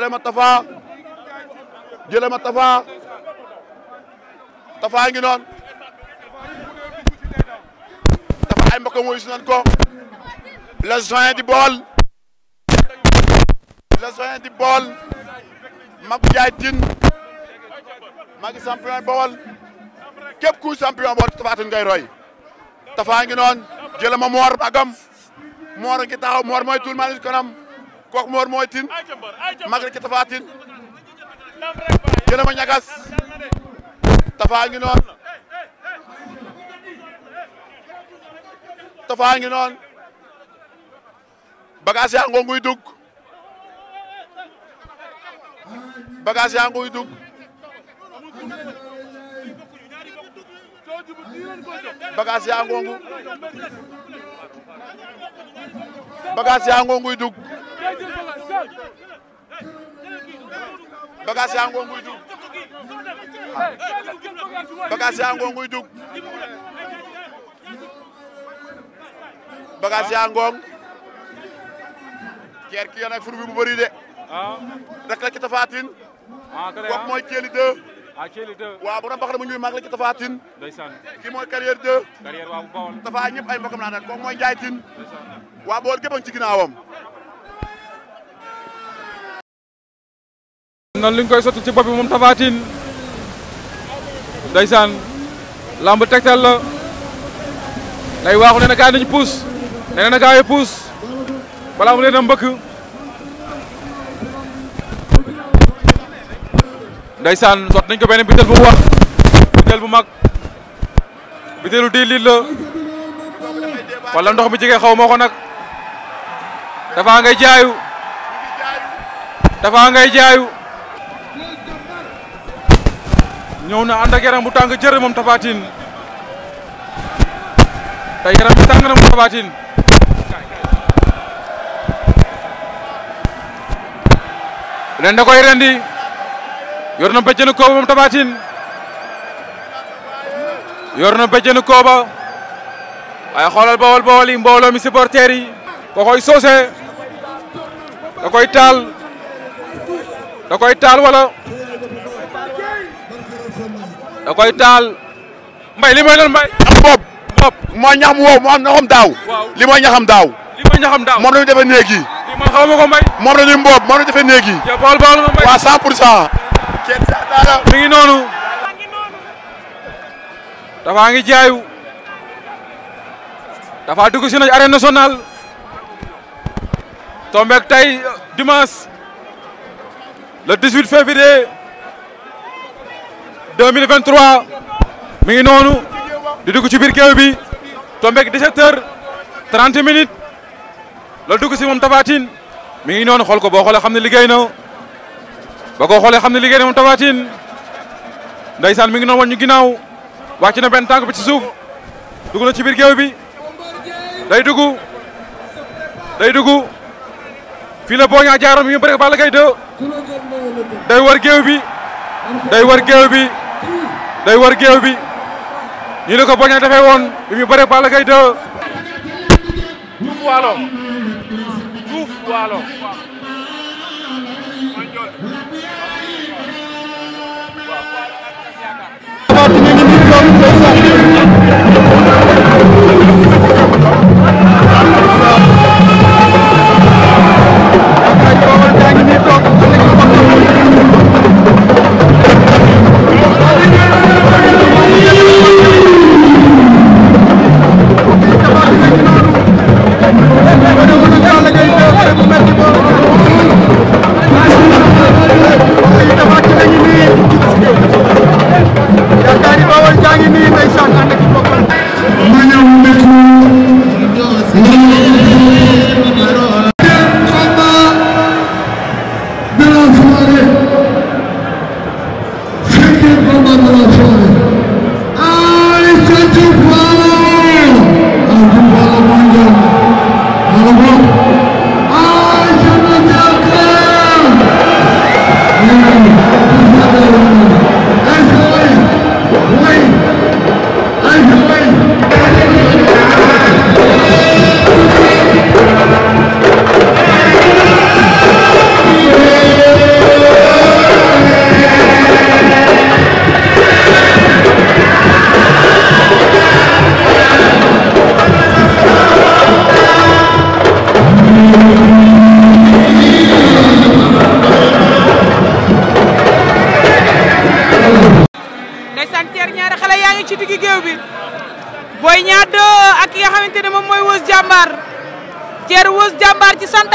jëlee ma Tafa ma Tafa Tafa ngi noonu Tafa ay mbokk mooy si ko le joint di bool le joint di bool Magu Jaay Tin maa ngi bool képp ku champion bool Tapha Tine ngay roy Tafa ngi noonu jëlee ma Mor Magam Mor ngi taxaw Mor mooy tuul maa ngi kooku moor mooy tin mag rek ci Tapha Tine jëlama ñagas Tapha ngi noon Tapha ngi noon bagage yaa ngoonguy dugg bagage yaa nguy dugg bagage yaa ngoongu bagage yaa bagage yaa ngoo nguy dugg bagage yaa ngoo nguy dugg bagage yaa ngoo ceer ki yoon ak fur bi bëri de ah. rek la ci tafaatin ah, kooku mooy ceeli 2 ah Thiel 2 waaw mu ñuy mag la ci Tapha kii mooy carrière 2. carrière waaw bu bawal. Tapha ñëpp ay mooy Ndiaye Tine. ndeysaan waaw bool gépp a ngi nan li koy sotti ci bopp bi moom Tapha Tine lamb tektal la lay waxu ne na gaa yi nañu puus nee na gaa yi puus mu leena mbeuk mbëkk sot nañ ko benen bitel bu wax bitel bu mag bitelu dix la wala ndox bi jige xaw moko nak dafa ngay jaayu dafa ngay jaayu ñëw na ànd ak bu tàng jër moom Tapha Tine te yaram tàng na moom Tapha Tine da koy rendi yor na bëjjënu kooba moom Tapha yor na bëjjënu kooba waaye xoolal bawol bawol yi mbooloo mi supporters yi da koy soose da koy taal da koy taal wala da koy taal. mbay li mooy lan mbay. am bopp bopp mooy ñax mu wow mu am ñaxam daaw. li mooy ñaxam daaw. li mooy ñaxam daaw moom la ñu defee néeg yi. man xaw ma ko mbay. moom la ñuy mboob moom la ñu defee néeg yi. yow baal baal nga mbay waa 100 pour cent. kenn sax dara mi ngi noonu. dafa ngi jaayu. dafa dugg si na arène nationale. tombeek tey dimanche le 18 février. 2023 mi ngi noonu di dugg ci biir géew bi tombeeg 17 heures 30 minutes la dugg si moom Tapha Tine mi ngi noonu xool ko boo xoolee xam ne liggéey na ba ko xoolee xam ne liggéey na moom Tapha Tine ndeysaan mi ngi noonu woon ñu ginnaaw wàcc na benn tànk bi ci suuf dugg na ci biir géew bi day dugg day dugg fii la boo ñaa jaaroon mi ngi bëri Balla Gaye 2 day war géew bi day war géew bi day war géew bi ñu ne ko bañ a defee woon bi mu bëre Balla Gaye 2 Waalo Diouf Waalo Yaakaar ni Bawol jaa ngi nii ndeysaan ànd ak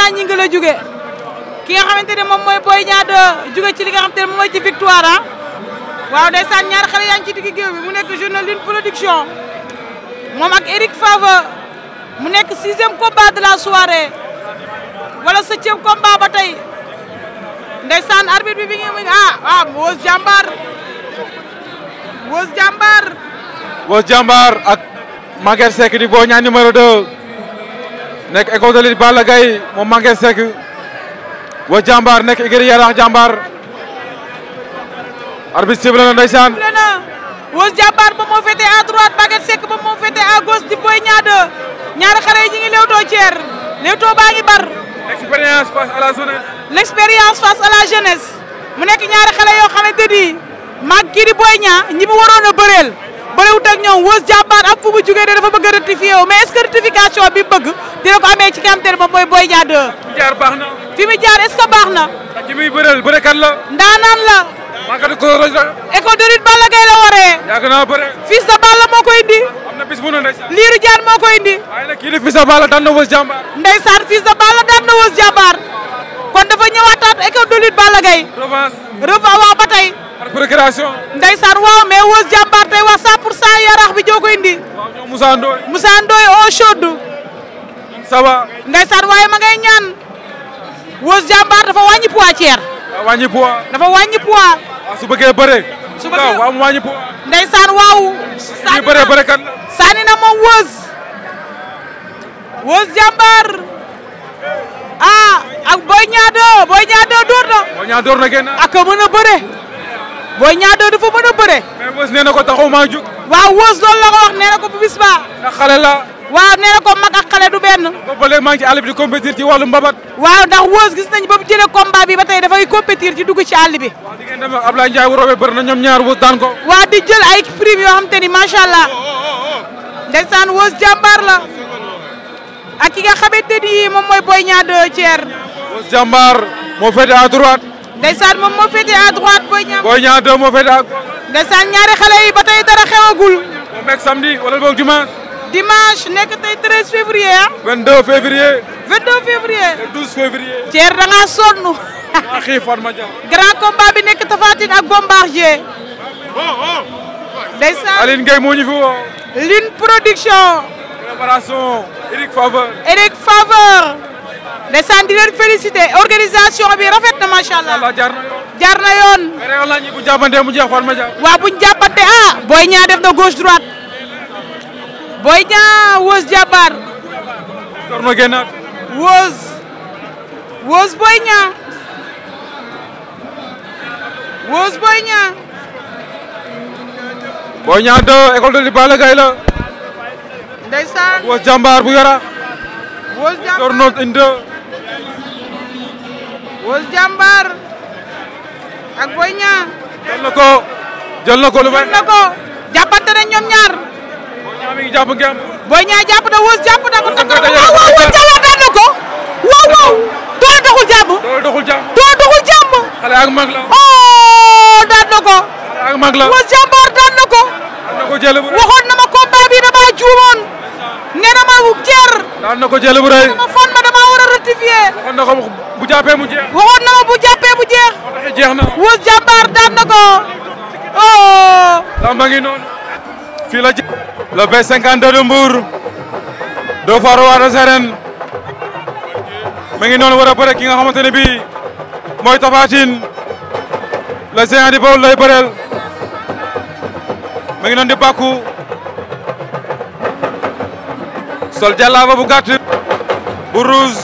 Niang ñi ngi jóge ki nga xamante ne moom mooy Boy Niang de jóge ci li nga xamante ne moom mooy ci victoire ah waaw ndeysaan ñaar xale yaa ngi ci digg bi mu nekk journal Lune Production moom ak Eric Favre mu nekk sixième combat de la soirée wala septième combat ba tey ndeysaan arbitre bi bi ngi muy ah ah Wos Jàmbaar Wos Jàmbaar Wos Jàmbaar ak Maguette Seck di Boy Niang numéro 2 nekk école de lutte Balla Gaye moom manqué Seck wa jàmbaar nekk igri yaraax jàmbaar arbitre sible na ndeysaan was jàmbaar ba moo féete à droite Maguette Seck ba moo féete à gauche di Boy Niang 2 ñaari xale yi ñi ngi ceer léewtoo baa ngi bar l'expérience face à la jeunesse mu nekk ñaari xale yoo xamante ni mag kii di Boy Niang ñi mu a bëreel bëreewut ak ñoom was jàmbaar am fu mu jugee de dafa bëgg a rectifier mais bi bëgg dina ko amee ci ki nga xam te ne moom mooy Boy Niang 2. fi mu jaar baax na. fi mu jaar est ce que baax na. ak ki muy bëreel bërekat la. ndaanaan la. mankatu ko roj la. la moo ko indi. liiru jaan moo ko indi. waaye nag kii di fils de Balla na wës jàmbaar. ndeysaan na wës jàmbaar. kon dafa ñëwaataat école de lutte Balla Gaye. revanche. revanche waaw ba tey. par procuration. waaw mais wës jàmbaar tey waa 100 pour 100 yaraax bi joo ko indi. waaw ñoom Moussa Ndoye. sawa va. ndeysaan waaye ma ngay ñaan. Weuz jambar dafa wàññi poids ah, wañi poids. dafa wañi poids. Ah, su bëggee bëree. su bëggee waaw wàññi poids. ndeysaan waaw. Kan ni na bëree kan sani na mo Weuz. Weuz jambar ah ak Boy ñaado Boy ñaado 2 na. Boy ñaado door na génn. ak ka mën a Boy ñaado 2 dafa mëna a mais Weuz nee ko taxaw maa jug. waaw Weuz la wax nee ko bu bis ba. la. waaw nee na ko mag ak xale du benn. bi di compétir ci wàllu mbabat. waaw ndax woos gis ba bu jëlee combat bi ba tey dafay compétir ci dugg ci àll bi. waaw di ngeen dem ak Ablaye Ndiaye wu robe bëri na ñoom ñaar woos daan ko. waaw di jël ay prime yoo xam te ni macha allah oh, oh, oh, ndeysaan woos jàmbaar la ak ki nga xamante ni moom mooy Boy Niang 2 Thier. woos jàmbaar moo féete à droite. ndeysaan moom moo féete à droite Boy Niang. Boy moo féete à. ndeysaan ñaari xale yi ba tey dara xewagul. moom dimanche le 13 février 22 ah. février. 22 février. le 12 février. grand combat Bombardier. Oh, oh. production. préparation Eric Faveur. Eric Faveur. Les organisation bi Masha'Allah, ah, gauche droite. Boy Niang Wos Jabar. door ma génnaat. Wos. Wos Boy Niang. Wos Boy Niang. Boy Niang de école de li Balla Gaye la. Jambar bu yara. Wos Jambar door ko jël na ko lu ñaa mi ngi jàpp ngeen. booy ñaa na ko takk na ko waaw waaw jàlloo daan na ko. waaw waaw doole doxul jàmm. doole doxul jàmm. doole doxul jàmm. xale ak la. oh daan na ko. xale ak ko. daan na ma combat bi damaa juumoon. nee na ma jeer. daan ma fan ma damaa war a rectifier. waxoon na mu jeex. waxoon ma bu jàppee mu jeex. jeex na wóos jàmbaar daan fii la le B52 de Mbour deux fois roi des arènes mi ngi noonu war ki nga xamante ne bii mooy Tapha Tine le di Baol lay bëreel mi ngi di bàkku sol jàllaaba bu gàtt bu rouge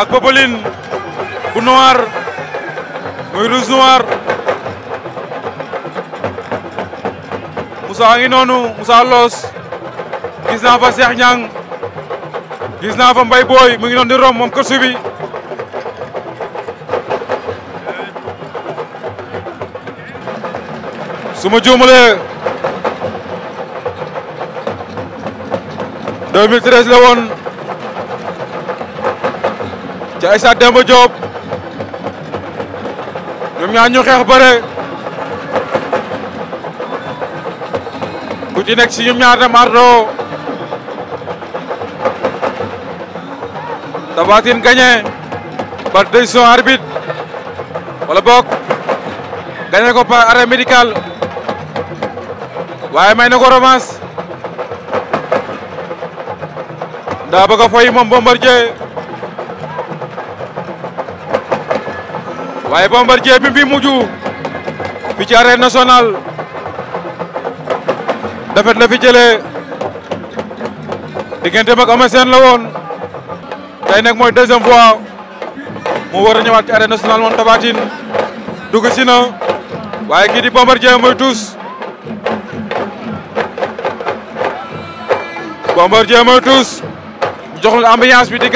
ak popeline bu noir muy rouge noir Moussa ngi noonu Moussa Loos gis naa fa Cheikh Niang gis Boy mu ngi di rom moom kër subi su ma 2013 la woon ca Aïssa Demba Diop ñu ku ci nekk si ñoom ñaar na marto Tapha Tine gagné par décision arbitre wala boog gagné ko par arrêt médical waaye may na ko romance daa bëgg a foy moom Bombardier waaye Bombardier bi mu mujj fi ci arène nationale defet la fi jëlee diggante mag Eumeu Sène la woon tey nag mooy deuxième fois mu war a ñëwaat ci arène nationale moom Tapha Tine dugg si na waaye kii di Bombardier mooy tuus jox la ambiance bi di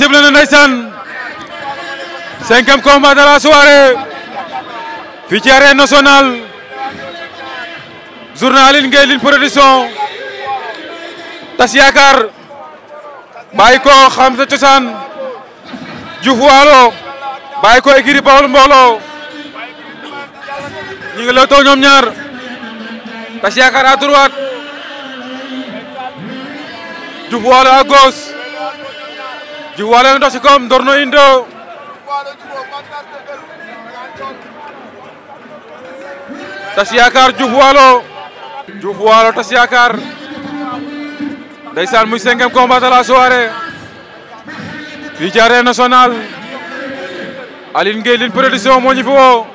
sifflé na ndeysaan cinquième combat de la soirée fii ci arène nationale journée Aline Gueye Lune production tas yaakaar bàyyi ko xam sa cosaan Diouf Waalo bàyyi ngi lay taw ñoom ñaar tas yaakaar à droite Diouf Waalo Juwale na dox ci kawam Ndorno Indo. tas yaakaar Diouf Waalo. Diouf Waalo tas yaakaar. muy cinquième combat de la soirée. fii ci arène nationale. Aline Gueye Lune production moo ñu fi woo.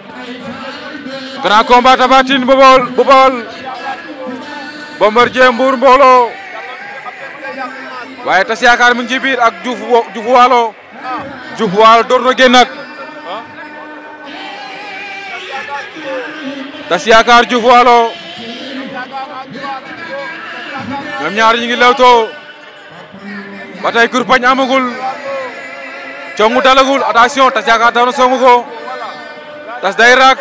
grand combat Tapha Tine bu Bawol bu Bawol. Bombardier Mbour waye tass yaakaar mu ngi biir ak djuf djuf walo djuf wal door na génnaat tass yaakaar djuf walo ñoom ñaar ñi ngi lewto batay kur kurpañ amagul ciongu dalagul attention tas yaakaar da na songu ko tass day rak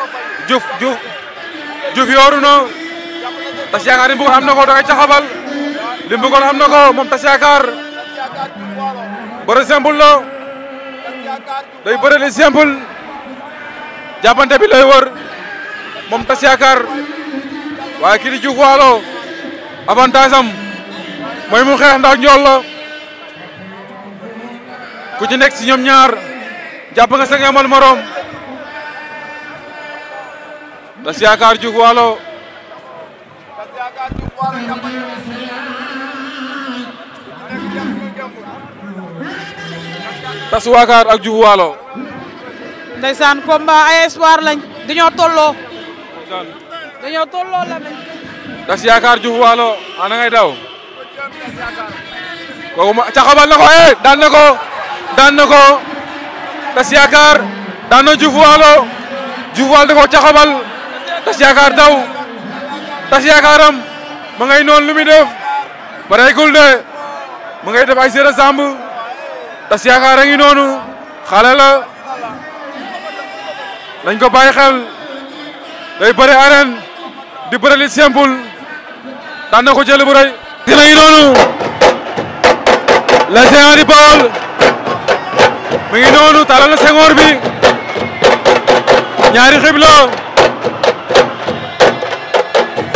djuf djuf djuf yoruno tass bu ko da li mu bëggoon am na ko moom tas yaakaar bëri simple la day bëri li simple jàppante bi lay wër moom tas yaakaar di Walo avantage am mu ndax la ku ci si ñoom ñaar jàpp nga sa ngeemal morom tas yaakaar Diouf Walo. tas wakar ak Diouf walo ndaysan combat ay espoir lañ dañu tolloo. dañu tolloo la lañ. tas yaakaar Diouf walo ana ah, ngay daw. kooku ma taxabal nako eh daan nako ko nako na ko tas yaakaar daan na Diouf Waalo Diouf Waalo da koo caxabal tas yaakaar daw tas yaakaaram ma ngay non lumi muy def bareegul de ma ngay def ay séeréer sàmb. tas yaakaar a ngi noonu xale ko bàyyi xel day bëri arène di bëri li simple daan na ko jël bu rëy. gis nañu noonu le sengoor bi ñaari xibla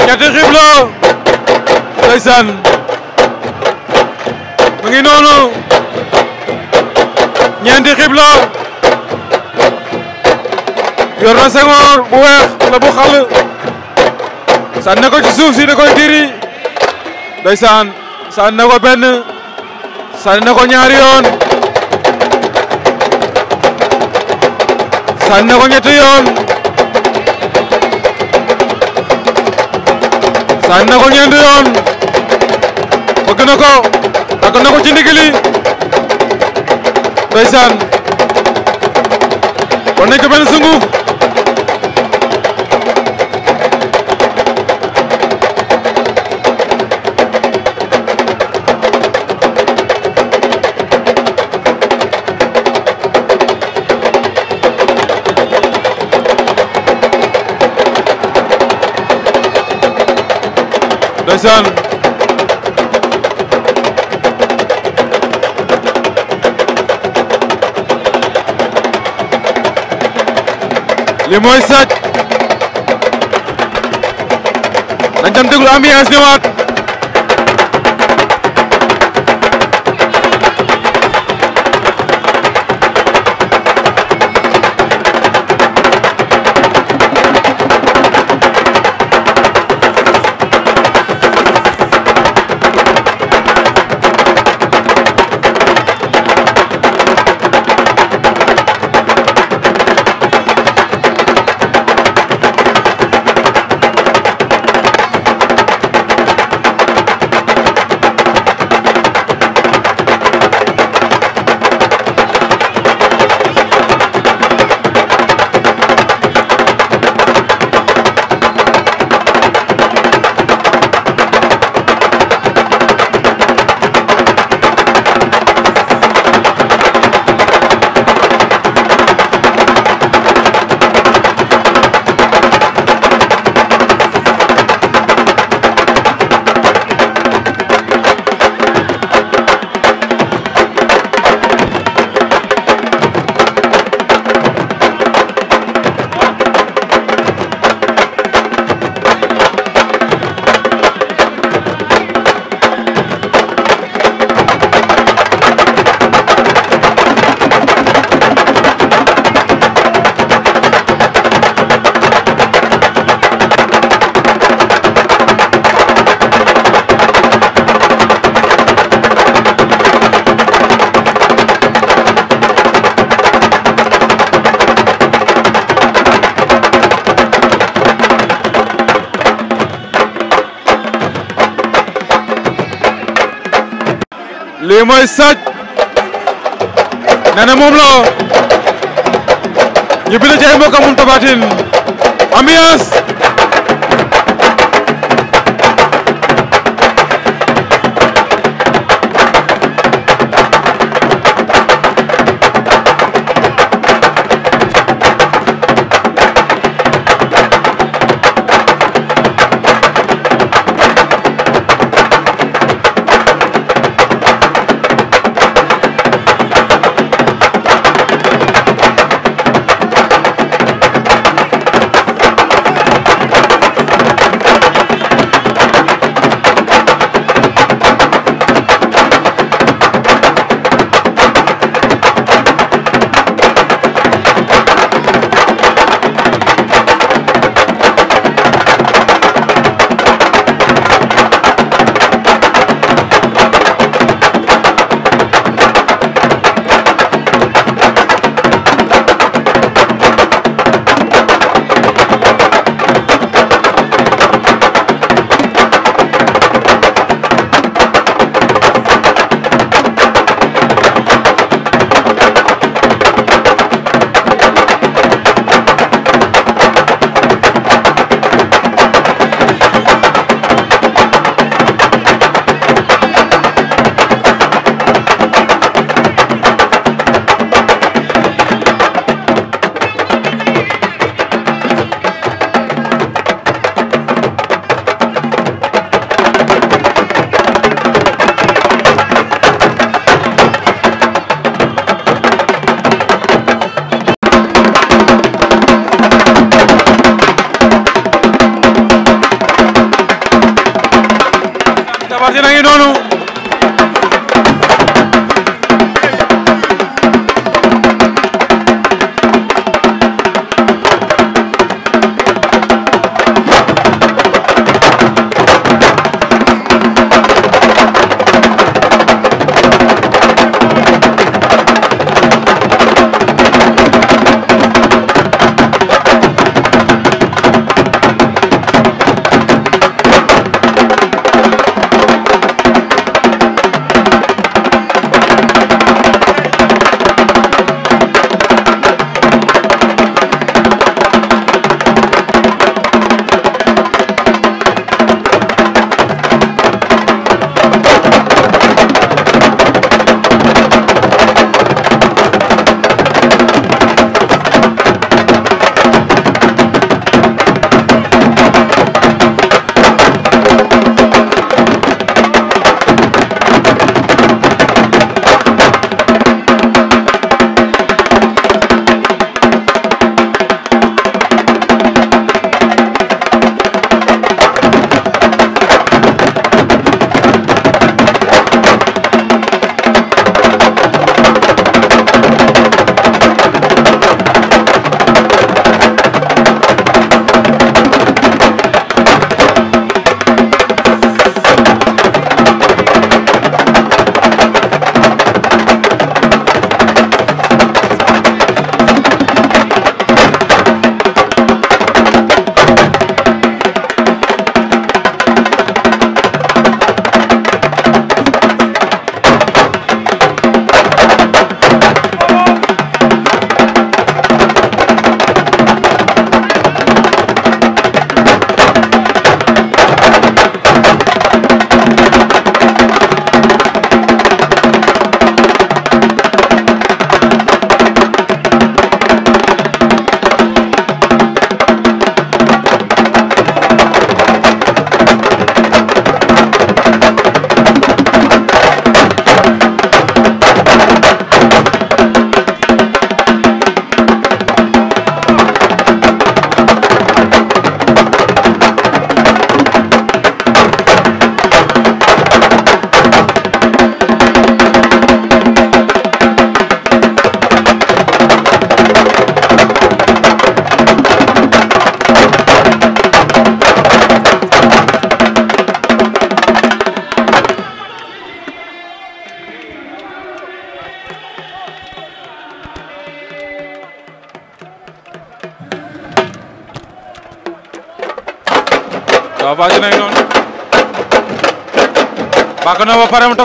ñetti xibla ndeysaan mi ngi ñeenti xibla yor na sengoor bu weex la bu xal sànni na ko ci suuf si da koy diri ndeysaan sànni na ko benn sànni na ko ñaari yoon sànni na ko ñetti yoon sànni na ko ñeenti yoon bëgg na ko takk na ko ci ndigili ndeysaan war nañ ko benn sunguf ndeysaan li mooy sàcc nañ dem déglu ambiance ñëwaat mooy sàcc nee na moom la ñu bind ci ay mbokkam moom Tapha Tine ambiance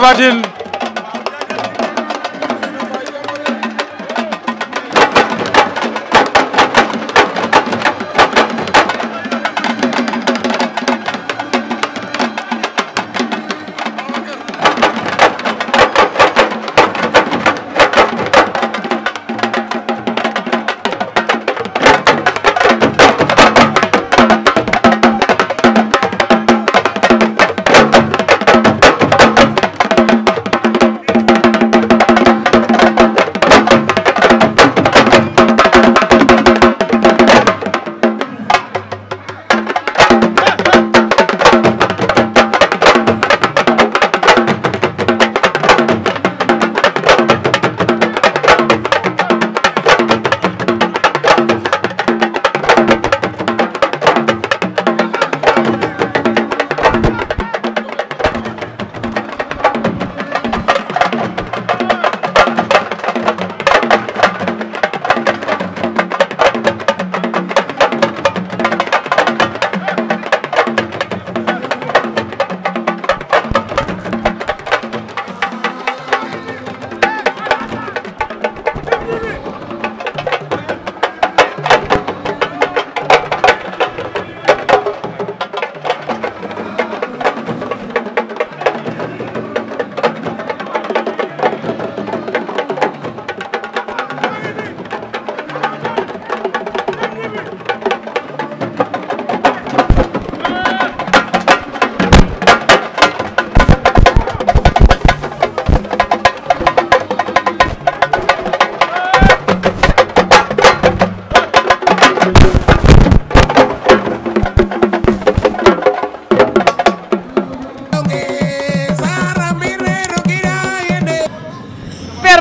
他妈的！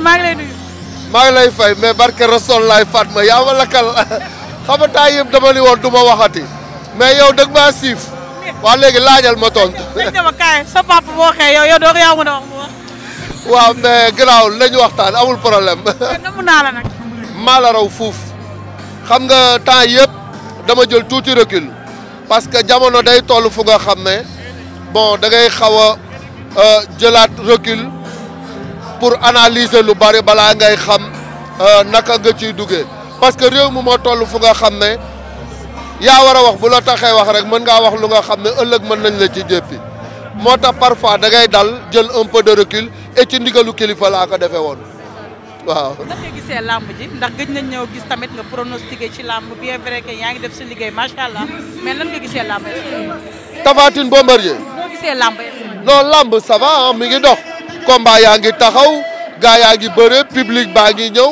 maa ngi lay nuyu. maa ngi lay fay mais barke Rasool laay Fatma yaa ma lakkal xam nga temps yëpp dama ni woon du ma waxati mais yow dëgg maa siif waa léegi laajal ma tontu. dëgg dama boo xee yow yow doo yaa mën a wax mu wax. waaw mais gannaaw nañu waxtaan amul problème. namu naa la nag. maa la raw fuuf xam nga temps yëpp dama jël tuuti recul parce que jamono day toll fu nga xam ne bon da ngay xaw a euh, jëlaat recul. pour analyser lu bari balaa ngay xam euh, naka nga ciy duggee parce que réew mi moo toll fu nga xam ne yaa war a wax bu la taxe wax rek mën ngaa wax lu nga xam ne ëllëg mën nañ la ci jéppi moo tax parfois da ngay dal jël un peu de recul et ci ndigalu kilifa laa ko defee woon waaw. ndax nga gisee ndax gëj nañ ñëw gis tamit nga pronostiqué ci làmb bien vrai que yaa ngi def sa liggéey macha mais lan nga gisee làmb yi. Tapha Bombardier. boo gisee làmb yi. làmb ça mi ngi dox. combat yaa ngi taxaw gars yaa ngi bëre public baa ngi ñëw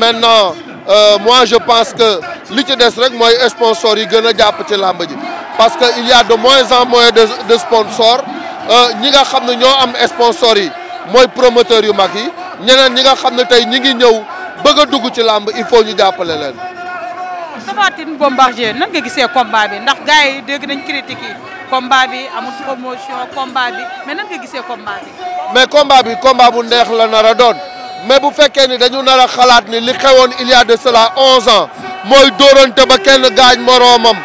maintenant euh, mois je pense que li ci des rek mooy sponsors yi gën a jàpp ci làmb ji parce que il y a de moins en moins de de euh, ñi nga xam ne ñoo am sponsors yi mooy promoteurs yu mag yi ñeneen ñi nga xam ne tey ñi ngi ñëw bëgg a dugg ci làmb il faut ñu jàppale leen Tapha Tine Bombardier nan nga gisee combat bi ndax gars yi dégg nañ critique yi combat bi amul promotion combat bi mais nan nga gisee combat bi. mais combat bi combat bu neex la nar a doon mais bu fekkee ni dañu nar a xalaat ni li xewoon il y a de cela onze ans mooy dóorante ba kenn gaañ moroomam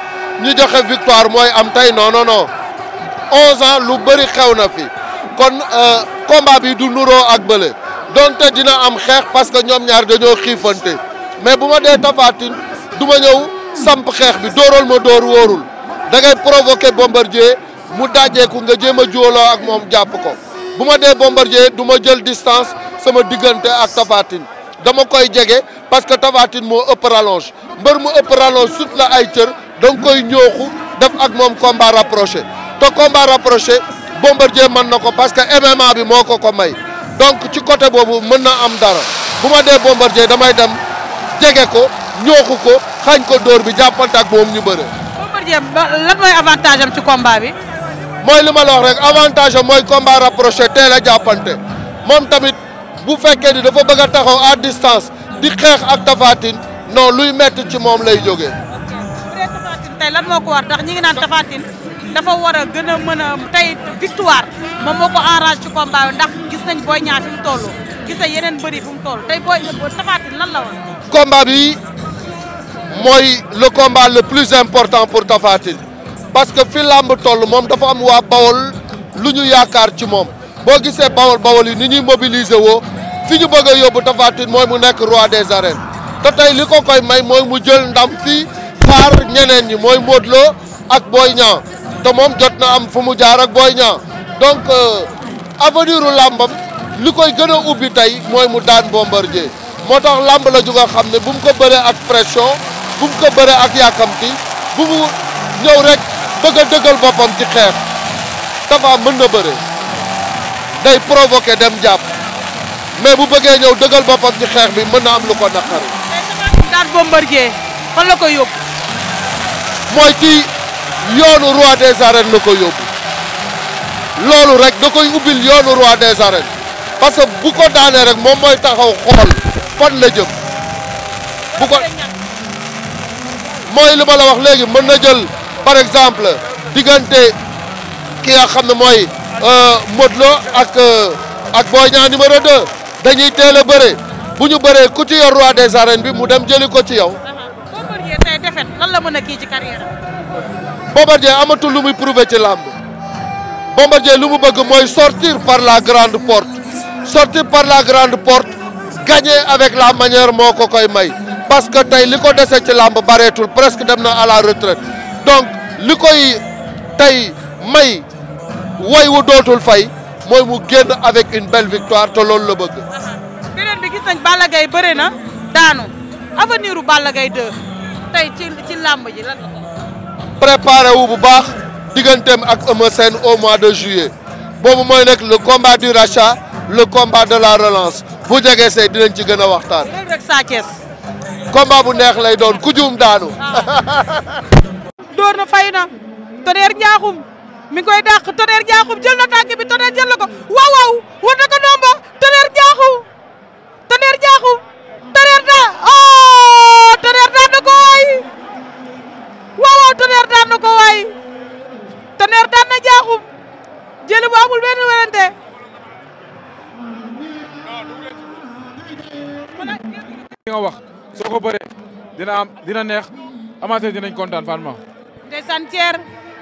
ñu joxe victoire mooy am tey non non non onze ans lu bëri xew na fi kon euh, combat bi du nuroo ak bële donte dina am xeex parce que ñoom ñaar dañoo xiifante mais bu ma dee Tapha du ma ñëw samp xeex bi dóoral ma dóor wóorul da ngay provoqué bombardier mu dajeeku nga jéem a jóoloo ak moom jàpp ko bu ma dee bombardier duma ma jël distance sama diggante ak Tapha dama koy jege parce que Tapha moo ëpp rallonge mbër mu ëpp rallonge sut la ay cër da koy ñooxu def ak moom combat rapproché te combat rapproché bombardier mën na ko parce que MMA bi moo ko ko may donc ci côté boobu mën na am dara bu ma dee bombardier damay dem jege ko ñooxu ko xañ ko dóor bi jàppante ak moom ñu bëre. Bombardier lan mooy avantage am ci combat bi. mooy li ma la wax rek avantage am mooy combat rapproché teel a jàppante moom tamit bu fekkee ni dafa bëgg a taxaw à distance di xeex ak Tapha no luy mett ci moom lay jóge tey lan moo ko war ndax ñi ngi naan Tapha dafa war a gën a mën a tey victoire moom moo ko arrange ci combat bi ndax gis nañ Boy Niang fi gis nañ yeneen bëri fi mu toll tey Boy Tapha la combat bi mooy le combat le plus important pour Tapha parce que fi làmb toll moom dafa am waa Bawol lu ñu yaakaar ci moom boo gisee Bawol Bawol yi ni ñuy mobiliser woo fi ñu bëgg a yóbbu Tapha mooy mu nekk roi des arènes te tey li ko koy may mooy mu jël ndam fii par ñeneen ñi mooy Modou Lo ak Boy Niang te moom jot na am fu mu jaar ak Boy Niang donc euh, avenir u làmbam li koy gën a ubbi tey mooy mu daan Bombardier moo tax làmb la ju nga xam ne bu mu ko bëree ak pression bu mu ko bëree ak yàkkamti bu mu ñëw rek bëgg a dëggal boppam ci xeex Tapha mën na bëre day provoqué dem jàpp mais bu bëggee ñëw dëggal boppam ci xeex bi mën na am lu ko naqari. daan Bombardier fan la ko yóbbu. mooy ci yoonu roi des arènes la ko yóbbu loolu rek da koy ubbil yoonu roi des arènes parce que bu ko daanee rek moom mooy taxaw xool. fan la jëm bu ko mooy li ma la wax léegi mën na jël par exemple diggante ki nga xam ne mooy euh, Modou Lo ak euh, ak Boy Niang numéro 2 dañuy teel a bëre bu ñu bëree ku ci yor roi des arènes bi mu dem jëli ko ci yow. Bombardier tey la mën a kii ci carrière Bombardier amatul lu muy prouver ci làmb Bombardier lu mu bëgg mooy sortir par la grande porte sortir par la grande porte. avec la manière moo ko koy may parce que tey l'écoute de dese ci làmb bareetul presque dem na à la retraite donc li koy tey may woy wu dootul fay mooy mu génn avec une belle victoire te le la bëgg. Uh-huh. beneen bi gis nañ Balla Gaye bëre na daanu avenir u Balla Gaye 2 tey ci ci làmb ji lan préparé wu bu baax ak au mois de juillet Bon moment avec le combat du rachat le combat de la relance Vous devez essayer vous ci waxtaan. combat vous neex lay doon ku juum daanu. door na na Tonnerre mi Vous koy dàq Tonnerre jël na tànk bi Tonnerre jël ko waaw waaw war ko oh Tonnerre ko Wow ko na Je bu amul li nga wax soo ko dina am dina neex amateur dinañ kontaan ma ndeysaan Thier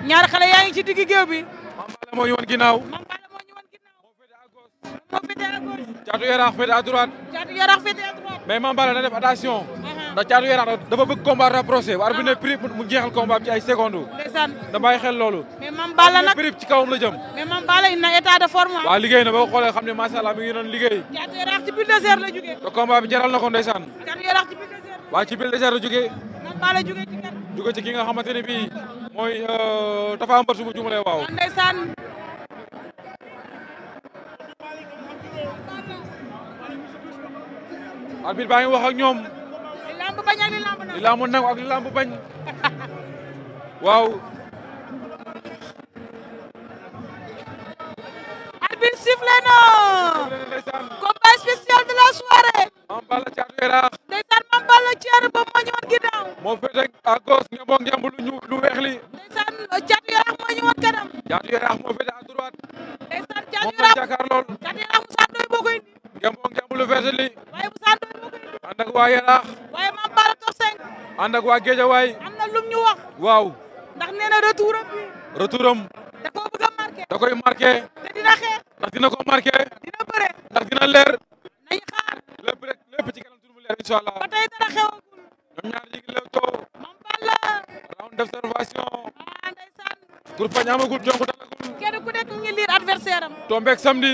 ñaar xale yaa ngi ci digg géew bi. Mambala moo ñu woon ginnaaw. Mambala moo ñu woon ginnaaw. moo féete mais Mambala na def attention. ndax Thiatou Yarakh dafa bëgg combat rapproché war bi ne prix mu jéxal combat ci ay secondes. ndessane da bàyyi xel lolu mais mam Balla nak prix ci kawam la jëm. mais mam Balla ina état de forme. Ah. wa liggéey na boo xolé xamné ma sha allah mi ngi doon liggéey. ci Yarakh ci bulldozer la juggé da combat bi jéral nako ndessane ci Thiatou Yarakh ci bulldozer la. wa ci bulldozer la juggé mam Balla juggé ci kan. juggé ci ki nga xamante ne bii mooy euh, Tafa Mbër su ma jumalee waaw. ndessane arbitre baa wax ak ñom lamb bañ ak lampu lamb wow li lamb kompas spesial combat spécial de la soirée. Mambala Balla Thiatou mambala ndeysaan bo Balla Thiatou ba moo ñëwoon gauche lu ñu lu wex li. won kanam. droite. koy indi. ngemboo ngemb lu vert li waaye Moussa Ndoye moo koy ànd ak waa Yaraax waaye Mame Balla Top 5 ànd waa Guédiawaye am na lum ñu wax waaw ndax nee na bi retour am koo bëgg a marqué da koy marqué te dina xeex ndax dina ko ndax dina leer nañu xaar lépp rek lépp ci kanam tur mu leer incha allah ba tey dara xewagul ñoom ñaar yi ngi lew too Mame Balla round d'observation ah ndeysaan kurpañ amagul jonk ku nekk mu ngi liir adversaire am tombeeg samedi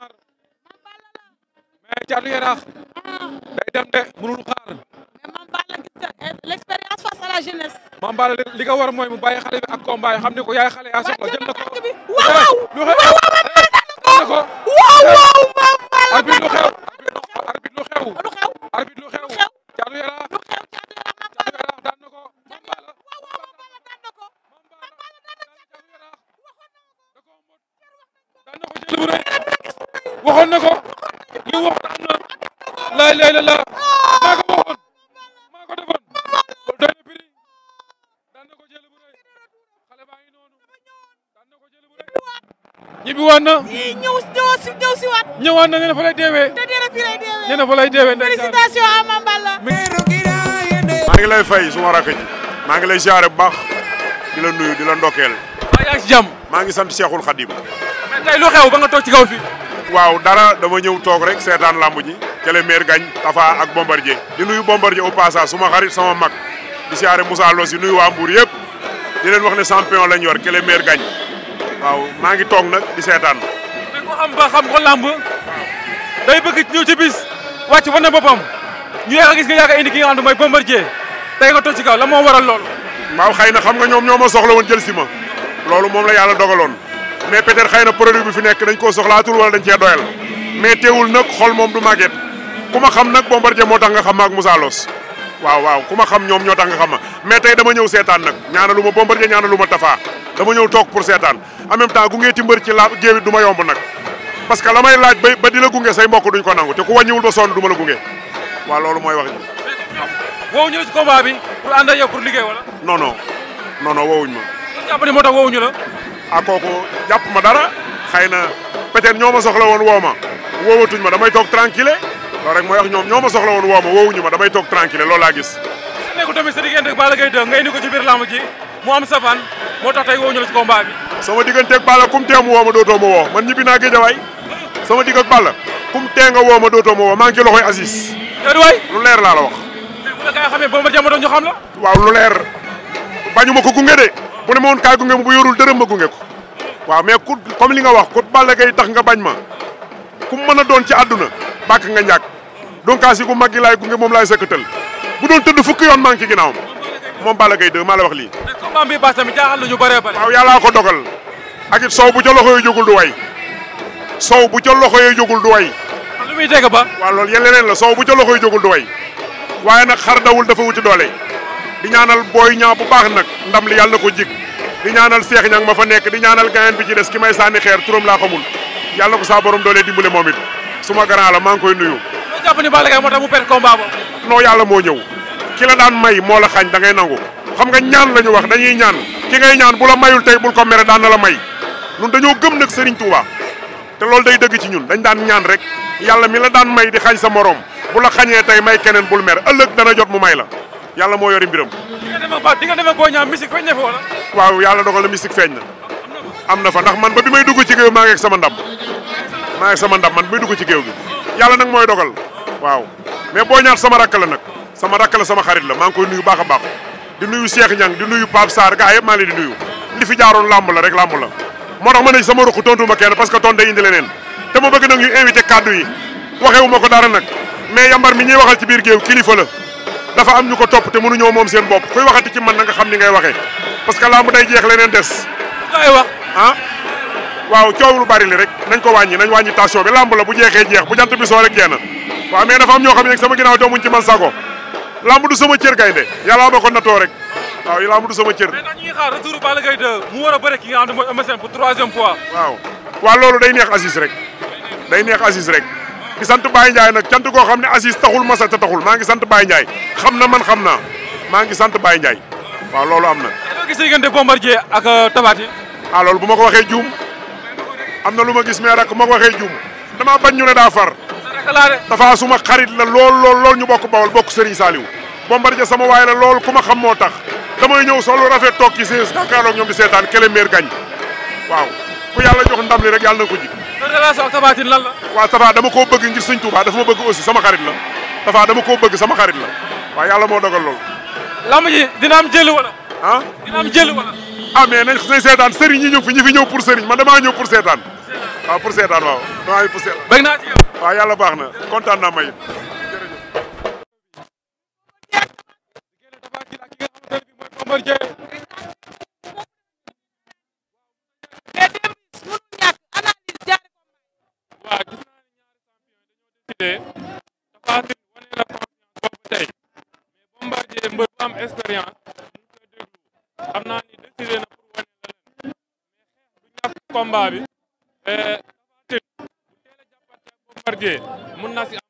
mais Thiatou Yarakh day dem de mënul xaar. mais Mame Balla gis l'expérience face à la jeunesse. Mame Balla li ko war mooy mu bàyyi xale bi ak combat yi xam ne ko yaay xale yaa soxla jël na ko un waaw si ñëw si waat. ñëwaat na nee na fa lay deewee. te nee na fii lay deewee. nee na fa lay deewee félicitation Ama Baldé. maa ngi lay fay suma rakk ji ngi lay ziare bu baax di la nuyu di la ndokkeel. waaw yaa ngi si jàmm. maa ngi sant Cheikhul Khadim. mais tey lu xew ba nga toog ci kaw fii. waaw dara dama ñëw toog rek seetaan lamb ji. Kele meer gañ Tafa ak Bombardier. di nuyu Bombardier au passage suma xarit sama mag di siyaare Moussa Lo si nuyu waa Mbour yëpp di leen wax ne champion lañ yor Kele meer gañ waaw maa ngi toog nag di seetaan am ba xam ko làmb day bëgg ñëw ci bis wàcc wan na boppam ñu yàgg gis nga yàgg indi ki nga xam ne mooy Bombardier tey nga toog ci kaw la moo waral loolu waaw xëy xam nga ñoom ñoo ma soxla woon jël si ma loolu moom la yàlla dogaloon mais peut-être xëy na produit bi fi nekk dañ koo soxlaatul wala dañ cee doyal mais teewul nag xol moom du màgget xam Bombardier moo tax nga xam maak Moussa Loos waaw waaw ku xam ñoom ñoo tax nga mais dama Bombardier ñaanalu Tafa dama ñëw tok pour amem en même temps gu ngeeti mbër ci yomb parce que lamay laaj ba dila gungé gunge say mbokk duñ ko nangou té ku wañiwul ba son duma la gunge wa lolu moy wax wo ñu ci combat bi pour ànd yow pour liggé wala. non non non non woowuñ ma. japp ni motax moo tax la. ak ah, koku japp ma dara xëy na peut-être ñoo ma soxla woon woo ma ma damay tok tranquille loolu rek moy wax ñom ñoma soxla won woo ma woowuñu ma damay tok tranquille loolu la gis. neku tamit sa diggante ak bala gay do ngay niko ci bir lamb ji mu am safaan moo tax tey ñu la ci combat bi. sama digënté ak bala kum teem woo ma dootoo ma man ñibbi naa way sama digg bal Balla kum tenga wo woo ma dootoo ma woo maa ngi loxoy Aziz. waay lu leer la la wax. bu la gaa xamee Bombardier ma doon ñu xam la. waaw lu leer bañu ma ko gunge de bu ne ma woon kaay gunge ma bu yorul dërëm ma gunge ko waaw mais ku comme li nga wax ku Balla Gaye tax nga bañ ma ku meuna a doon ci aduna bak nga ñak donc as yi ku mag lay laay gunge moom laay sëkkatal bu doon teud fukk yoon maa ngi ginaaw mom moom Balla de 2 la wax li ko combat bi baas tamit jaaxal nañu bare bëri. waaw yalla ko dogal ak it soow bu ca loxo jogul du way sow bu ca loxo yee jógul du way. lu muy dégg ba. waaw loolu yéen leneen la sow bu ca loxo yee waaye nag xar dawul dafa wuti doole di ñaanal booy ñaa bu baax nag ndam li yàlla na ko jig di ñaanal seex ñang ma fa nekk di ñaanal gaayen bi ci des ki may sànni xeer turam laa xamul yàlla ko saa borom doole dimbale moom it suma grand la maa ngi koy nuyu. loo jàpp ni Balla Gaye moo tax mu perte combat ba. non yàlla moo ñëw ki la daan may moo la xaañ da ngay nangu xam nga ñaan la ñu wax dañuy ñaan ki ngay ñaan bu la mayul tey bul ko mere daan na la may ñun dañoo gëm nag Serigne Touba te loolu day dëgg ci ñun dañ daan ñaan rek yàlla mi la daan may di xañ sa morom bu la xañee tey may keneen bul mer ëllëg dana jot mu may la yàlla moo yori mbiram. di nga nga demee boo ñaan mystique feeñ na fa wala. waaw yàlla dogal na mystique feeñ na. am na fa ndax man ba bi may dugg ci géew maa ngi sama ndam maa ngi sama ndam man bi may dugg ci géew bi yàlla nag mooy dogal waaw mais boo ñaan sama rakk la nag sama rakk la sama xarit la maa ngi koy nuyu baax a baax di nuyu Cheikh Niang nuyu Pape Sarr gaa maa ngi leen nuyu li fi jaaroon làmb la rek làmb la moo tax ma ne sama ruq tontu ma kenn parce que tontu day indi leneen te ma bëgg nag ñu kaddu yi waxewu ma ko dara nag mais yambar mi ñuy waxal ci biir géew kilifa la dafa am ñu ko topp te mënuñoo moom seen bopp kuy waxati ci man na nga xam ni ngay waxe parce que làmb day jeex leneen des. ay wax ah. waaw coow lu bari rek nañ ko wàññi nañ wàññi tension bi làmb la bu jeexee jeex bu jant bi soo waaw mais dafa am ñoo xam ne sama ginnaaw doomuñ ci man sago làmb du sama cër gaynde yàlla ma rek. waaw yi laa mu du sama cër. mais a bëre ki ne mooy Eumeu Sène pour troisième fois. waaw loolu day neex Aziz rek day neex Aziz rek di sant Baye Ndiaye nag cant koo xam ne Aziz taxul masa ta taxul maa ngi sant Baye Ndiaye xam na man xam naa maa ngi sant Baye Ndiaye waaw loolu am na. gis nga diggante Bombardier ak euh, Tapha Tine. ah bu ma ko waxee juum am na lu ma gis mais rek bu ma waxee juum damaa bañ ñu ne daa far. dafa suma xarit la lool lool lool ñu bokk Bawol bokk Serigne Saliou Bombardier sama waay la loolu ku ma xam moo tax. damay ñëw solo rafet toog ci siis Dakar ak ñoom di seetaan kele meer gañ waaw ku yàlla jox ndam li rek yàlla na ko ji. sa relation ak Tapha waaw Tapha dama koo bëgg ngir Sëñ Tuubaa dafa ma bëgg aussi sama xarit la Tapha dama koo bëgg sama xarit la waaw yàlla moo dogal loolu. lamb ji dina am jël wala. ah dina am jël wala. ah mais seetaan sëriñ ñi ñëw fi ñu fi ñëw pour seriñ ma damaa ñëw pour seetaan. waaw ah, pour seetaan waaw damaa ñëw pour seetaan. bëgg waaw yàlla baax na kontaan naa may Bombardier mais dem bis mënul ñàkk analyse jaare ko waaw gis dañoo décidé dafa nit wane la confiance boobu tey mais Bombardier mbër bu am expérience mu koy déglu xam naa ni na pour wane la leen mais xeex bu ñàkk combat bi tafatin bu teel a jàppante Bombardier mun na si am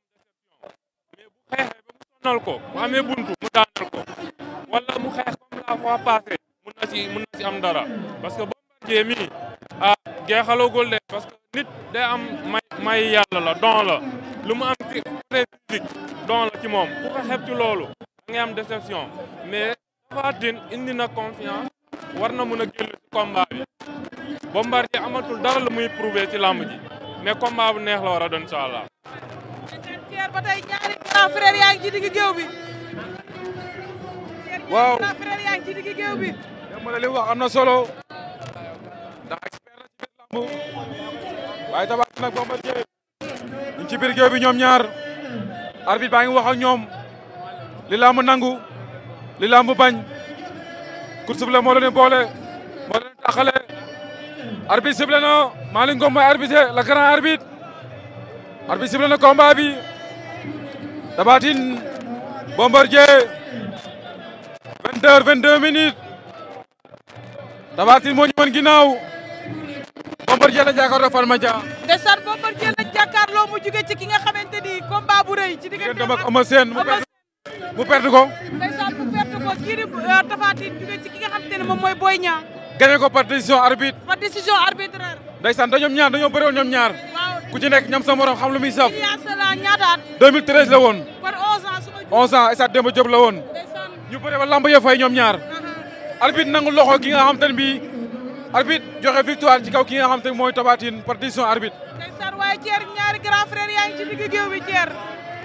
bu mu sonal ko bu amee buntu mu daanal ko wala mu xeex fois passé mun na si mun si am dara parce que Bombardier mii ah jeexalagul de parce que nit day am may may yàlla la don la lu mu am très physique don la ci moom ku ko xeeb ci loolu da ngay am déception mais Tapha Tine indi na confiance war na mun a génn ci combat bi amatul dara lu muy prouver ci làmb ji mais combat bu neex la war a doon incha allah. ba tey ñaari grand frère yaa ngi ci digg géew bi. waaw na solo ndax expert la ci biir lamb waaye Taphatine nag Bombardier ñu ci biir géew bi ñoom ñaar arbitre baa ngi wax ak ñoom li lamb nangu li lamb bañ course bi la moo leen boole moo leen arbitre arbitre la grand arbitre arbitre combat bi Bombardier vingt heures vingt deux minutes Tapha Tine moo ñu mën ginnaaw Bombardier la jàkkaarloo Farmadia ndeysaan Bombardier la jàkkaarloo mu jóge ci ki nga combat bu ci mu ko ko di Tapha ci ki nga xamante ne euh, moom Boy Niang gagné ko par décision arbitre par décision arbitraire ndeysaan dañoom ñaar dañoo bëre woon ñaar ku ci nekk ñam sa morom xam lu muy saf 2013 la woon 11 ans 11 ans Stade Demba Diop la ñu bëre ba lamb ya fay ñoom ñaar arbitre nangu loxo ki nga xam te ne bii joxe victoire ci kaw ki nga xam te mooy Tapha Tine par décision arbitre ndeysaan waaye Thier ñaari grand frère yaa ngi ci digg géew bi Thier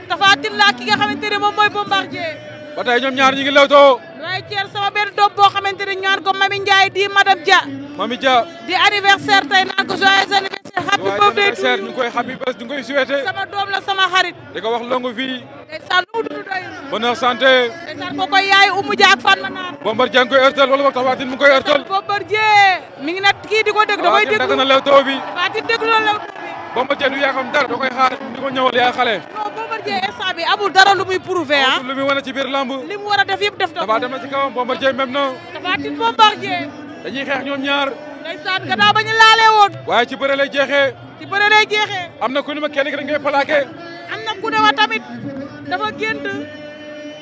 Tapha Tine laa ki nga xamante ne moom mooy Bombardier ba tey ñoom ñaar ñi ngi lewtoo waaye Thier sama benn doom boo xamante ne ñaan ko Mami Ndiaye di Madame Dia Mami Dia di anniversaire tey naan ko joyeux happy birthday to you ñu koy happy birthday ñu koy souhaité. sama doom la sama xarit. di ko wax longue vie. ndeysaan lu mu dund doy. bonheur santé. ndeysaan ko koy yaay Oumou Dia ak Fatma Naar. Bombardier ngi koy heurtal wala boog Tapha Tine mu ngi koy heurtal. Bombardier mi ngi nag kii di ko dégg da koy déglu Tapha Tine lewtoo bi. Tapha Tine déglu loolu lewtoo bi. Bombardier du yaakam dara da koy xaar di ko ñëwal yaa xale. non Bombardier instant bi amul dara lu muy prouvé ah. lu muy wane ci biir lamb. li mu war a def yëpp def na ko. Tapha Tine ci kawam Bombardier même na. Tapha Tine Bombardier. dañuy xeex ñoom ñaar ndeysaan ka daa bañ a laalee woon. waaye ci bëre lay jeexee. ci bëre lay jeexee. am na ku ne ma kenn ki dañ koy plaqué. na ku ne wa tamit dafa gént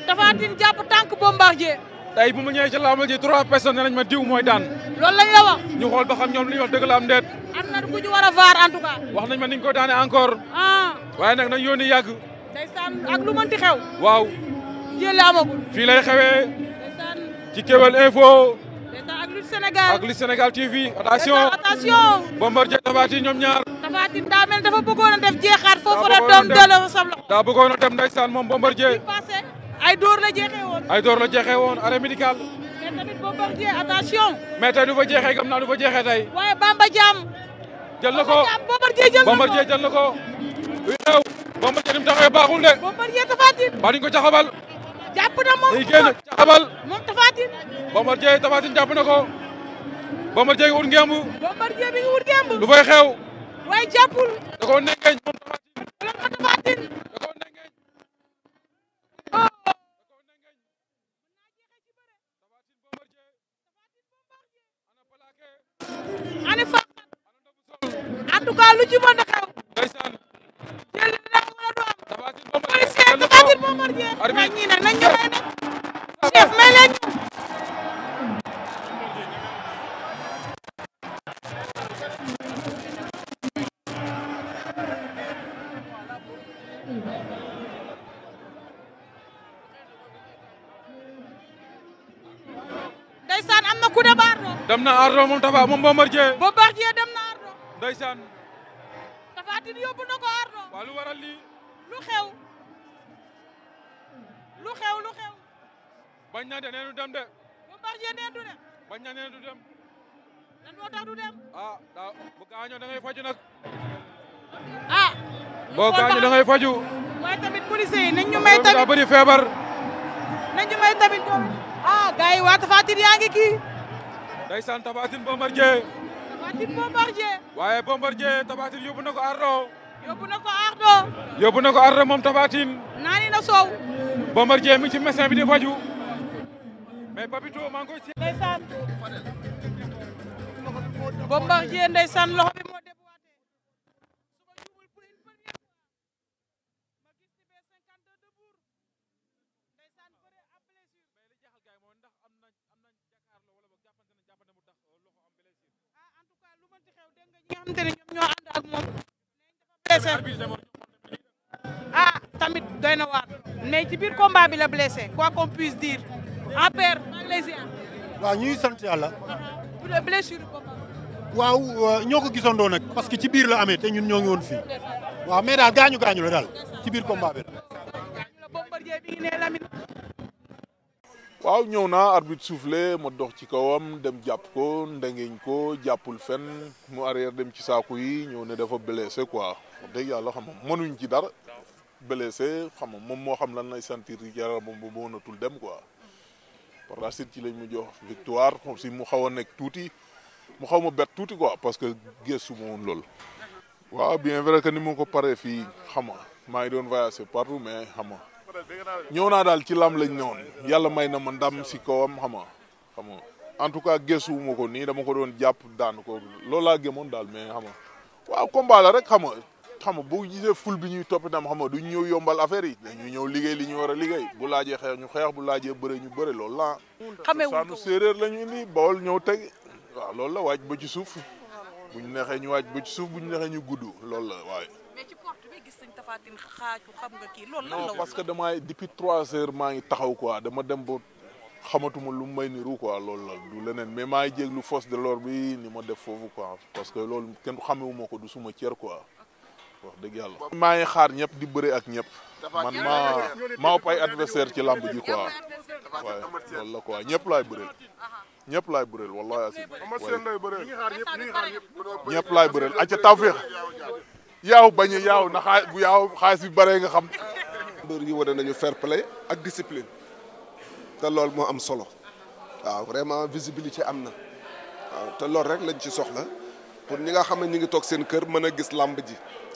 dafa tin jàpp tànk Bombardier. tey bu ma ñëwee ci laamal ji trois personnes ne nañ ma diw mooy daan. loolu lañ la wax. ñu xool ba xam ñoom li ñuy wax dëgg ndeet. am na ku ñu war a vaar en tout cas. wax nañ ma ni ñu ko daane encore. Ah. waaye nag nañ yónni yàgg. ndeysaan ak lu mënti xew. waaw. jëlee amagul. fii lay xewee. ndeysaan ci Kewel Lutte Sénégal ak Sénégal TV attention attention Bombardier Tabati ñom ñaar Tabati da mel dafa bëggoon def dem Bombardier ay la ay la arrêt médical mais tamit Bombardier attention mais tay du fa gam fa Bamba Diam jël Bombardier jël bombardier, Bombardier taxé Bombardier ko jàpp na moom day génn caxabal moom Tafatine. Bombardier Tafatine jàpp na ko. Bombardier ngi wut ngemb. Bombardier bi ngi lu fay xew. waaye jàppul. da koo nekkee moom Tafatine. wala ma Tafatine. da koo nekkee. oh. ana a policier du xaatir Bombardier waaye ñii chef may leen ñu ndeysaan am na coup de barre Bombardier Bombardier ko waral lu xew lu xew lu xew bañ na de dem de bañ na dem lan tax du dem ah da bu gaañoo da ngay faju ah boo gaañoo da ngay faju waaye tamit policiers yi nañ ñu may tamit nañ ñu may tamit ah gay yi fatir Tafatin yaa ngi kii ndeysaan Bombardier Tafatin Bombardier waaye Bombardier Tafatin yóbbu na yóbbu na ko Ardo. yóbbu na ko Ardo moom Tapha Tine. naani na soow. Bombardier mi ci médecin bi di faju mais Papito maa ngi koy si. ndeysaan Bombardier ndeysaan loxo bi moo déboîté. ah en tout cas lu mënti xew dégg nga ñi nga xamante ne ñoom ñoo ànd ak moom. ah tamit doy na waar mais ci biir combat bi la blessé quoi qu'on puisse dire en père maa ngi lay ziar. waaw ñuy sant yàlla. Uh-huh. pour la combat. waaw euh, ñoo ko gisandoo nag parce que ci biir la amee te ñun ñoo ngi woon Wa waaw mais daal gaañu gaañu la daal ci biir combat bi la. waaw ñëw arbitre soufflé ma dox ci kawam dem jàpp ko ndengeñ ko jàppul fen mu arrière dem ci saaku yi ñëw ne dafa blessé quoi. wax dëgg yàlla xam nga mënuñ ci dara blessé xam nga moom moo xam lan lay sentir yaramam bu mënatul dem ko par la suite ci lañ mu jox victoire si mu xaw a nekk tuuti mu xaw ma bett tuuti ko parce que gëstu ma won lool waaw bien vrai que ni mu ko paree fii xam nga maa ngi doon voyager partout mais xam nga ñëw naa daal ci lam lañ newoon yàlla may na ma ndam si kawam xam nga xam nga en tout cas gëstu wu ma ko nii dama ko doon jàpp daan ko loolu laa gëmoon daal mais xam nga waaw combat la rek xam xam nga boo gisee ful bi ñuy topp itam xam nga ñëw yombal affaire yi dañuy ñëw liggéey li ñu war a liggéey bu laajee xeex ñu xeex bu laajee bëre ñu bëre lool la xamee saanu séeréer la ñu indi bawol ñëw teg waaw loolu la waaj ba ci suuf buñ neexee ñu waaj ba ci suuf buñ neexee ñu gudd loolu la waaye mais ci xam nga kii loolu non parce que damaay depuis trois heures maa ngi taxaw quoi dama dem ba xamatuma lu may niru quoi loolu la leneen mais maa ngi jéglu force de l'ordre bi ni ma def foofu quoi parce que loolu kenn xamewuma ko du suma cër quoi wax dëgg yàlla. maa ngi xaar di bëre ak nyep, man maa maa ëpp ay adversaire ci làmb ji quoi waaye loolu la quoi ñëpp laay bëreel. ñëpp laay bëreel wallahi asi ñëpp laay bëreel acca tawfiix yaaw bañ yaaw na xaa yaaw xaalis bi bare nga xam mbër yi wane nañu fair play ak discipline te loolu moo am solo waaw vraiment visibilité am na waaw te loolu rek lañ ci soxla pour ñi nga xam ñi ngi toog seen kër mën gis làmb ji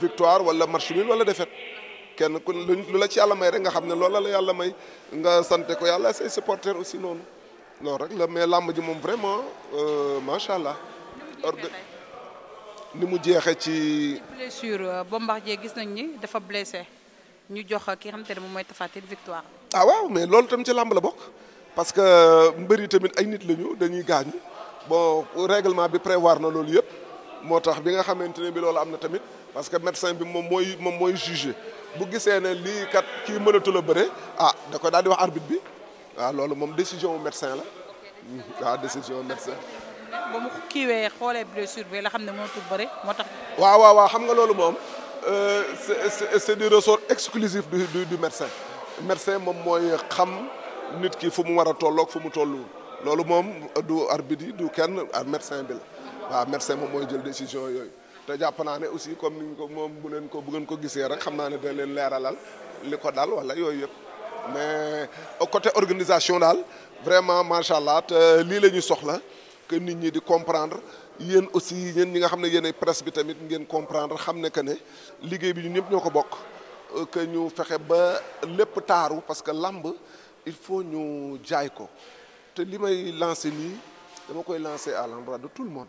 victoire wala match nul wala défaite kenn ku lu la ci yalla may rek nga xam ne la yalla may nga santé ko yalla say supporters aussi non loolu rek la mais lamb ji mom vraiment euh, macha allah. ni mu jeexee ci. blessure euh, Bombardier gis nañ ni dafa blessé ñu jox ki nga xamante ne moom mooy victoire. ah waaw mais loolu tam ci lamb la bok parce que euh, mbeuri tamit ay nit lañu dañuy gaañu bon règlement bi prévoir na loolu yëpp motax bi nga xamante ne bi loolu amna tamit parce que médecin bi mom moy mom moy juger bu gisee né li kat ki mënatul le bëre ah da ko daal di wax arbitre bi wa ah, loolu mom décision médecin la waaw hmm, ah, décision médecin. ba mu kiiwee xoolee blessure bi la xamné mo mënatul bëre motax wa wa wa xam nga loolu mom euh c'est du ressort exclusif du du du médecin médecin mom moy xam nit ki fu mu war a tolloog fu mu tolluwul loolu moom du arbitre yi du kenn ah, médecin bi la wa médecin mom moy jël décision yooyu te jàpp aussi comme niñ ko mom bu len ko bu ngeen ko gisé rek xam naa ne dina leen leeralal dal wala yooyu yëpp mais au côté organisation dal vraiment machallah li lañu soxla que nit ñi di comprendre yéen aussi yéen ñi nga xam ne yéenay presse bi tamit ngeen comprendre xam que ne liggéey bi ñun ñëpp ñoko bok euh, que ñu fexé ba lepp taru parce que lamb il faut ñu jaay ko te limay lancer ni dama koy lancer à l'endroit de tout le monde.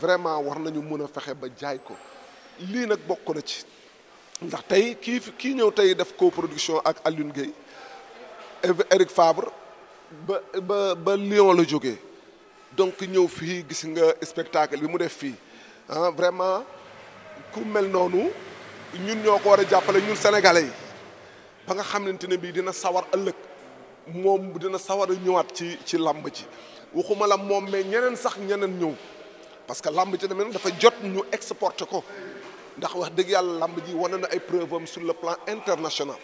vraiment war nañu mën a fexe ba jaay ko lii nag bokk na ci ndax tey kii kii ñëw tey def production ak Alioune Gueye Eric Fabre ba ba ba Lyon la jógee donc ñëw fii gis nga spectacle yi mu def fii ah vraiment ku mel noonu ñun ñoo ko war a jàppale ñun sénégalais yi ba nga xamante ne bii dina sawar ëllëg moom dina sawar a ñëwaat ci ci làmb ci waxuma la moom mais ñeneen sax ñeneen ñëw. parce que l'ambition de nous dafa jot ñu exporter ko ndax wax deug yalla lamb ji wane na ay preuve sur le plan international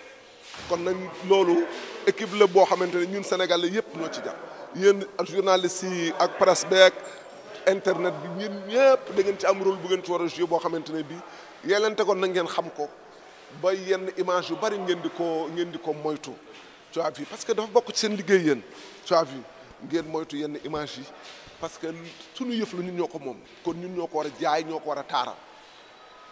kon nag loolu équipe le bo xamantene ñun Sénégalais yépp ñoo ci jàpp yéen journalistes yi ak presse beeg internet bi ñun ñëpp da ngeen ci am rôle bu ngeen ci war a jouer boo xamante ne yelente kon na ngeen xam ko ba yenn image yu bari ngeen di ko ngeen di ko moytu tu as vu parce que dafa bokku ci seen liggéey yeen tu as vu ngeen moytu yenn image yi parce que suñu yëf la ñun ñoko mom kon ñun ñoko wara jaay ñoko wara war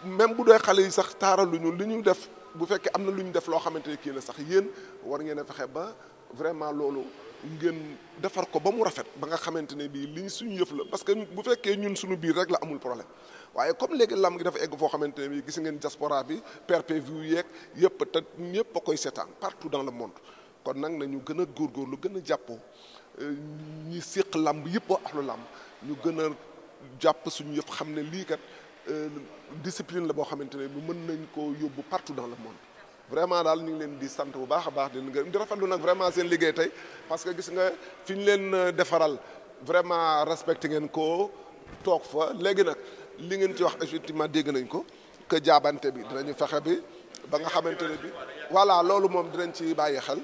même bu doy xalé yi sax taaral lu ñu li ñu def bu fekke amna na lu ñu def lo xamante ki kii la sax yeen war ngeen a fexe ba vraiment lolu ngeen defar ko ba mu rafet ba nga xamante bi bii li suñu yëf la parce que bu fekke ñun suñu biir rek la amul problème waaye comme léegi lam gi dafa egg foo xamante ne gis ngeen diaspora bi PPV yeeg yëpp te ñëpp a koy seetaan partout dans le monde kon nag nañu gën a góorgóorlu gën a jàppoo ñi séq làmb yëpp a axlu làmb ñu gën a jàpp suñu yëpp xam ne lii kat euh, discipline la boo xamante ne bi mën nañ ko yóbbu partout dans la monde vraiment daal ñu ngi leen di sant bu baax a baax di nga di rafetlu nag vraiment seen liggéey tey parce que gis nga fi ñu leen euh, defaral vraiment respecté ngeen ko toog fa léegi nag li ngeen ci wax effectivement dégg nañ ko que jaabante bi dinañu fexe bi ba nga xamante ne bi voilà loolu moom dinañ ci bàyyi xel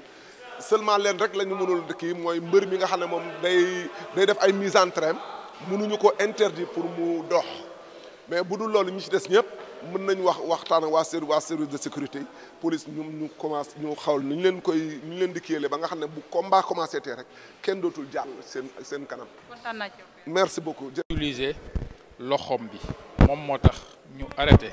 seulement leen rek lañu ñu dëkk yi moy mbeur mi nga xam mom day day def ay mise en train mënuñu ko interdit pour mu dox mais bu dul loolu ñi ci dess ñëpp mën nañ wax waxtaan wa service wa service de sécurité police ñu ñu commence ñu xawl ñu leen koy ñu leen di ba nga xam bu combat commencé té rek kenn dootul jàll seen seen kanam. merci beaucoup. utiliser loxom bi mom motax ñu arrêté.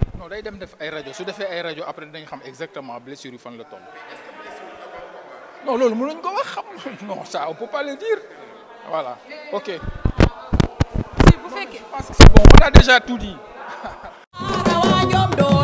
non day dem def ay radio su defee ay radio après dañ xam exactement blessure yi fan la toll. non lolou mënuñ ko wax xam non ça on peut pas le dire voilà ok. si bu fekkee. parce que c'est bon on a déjà tout dit. Ah,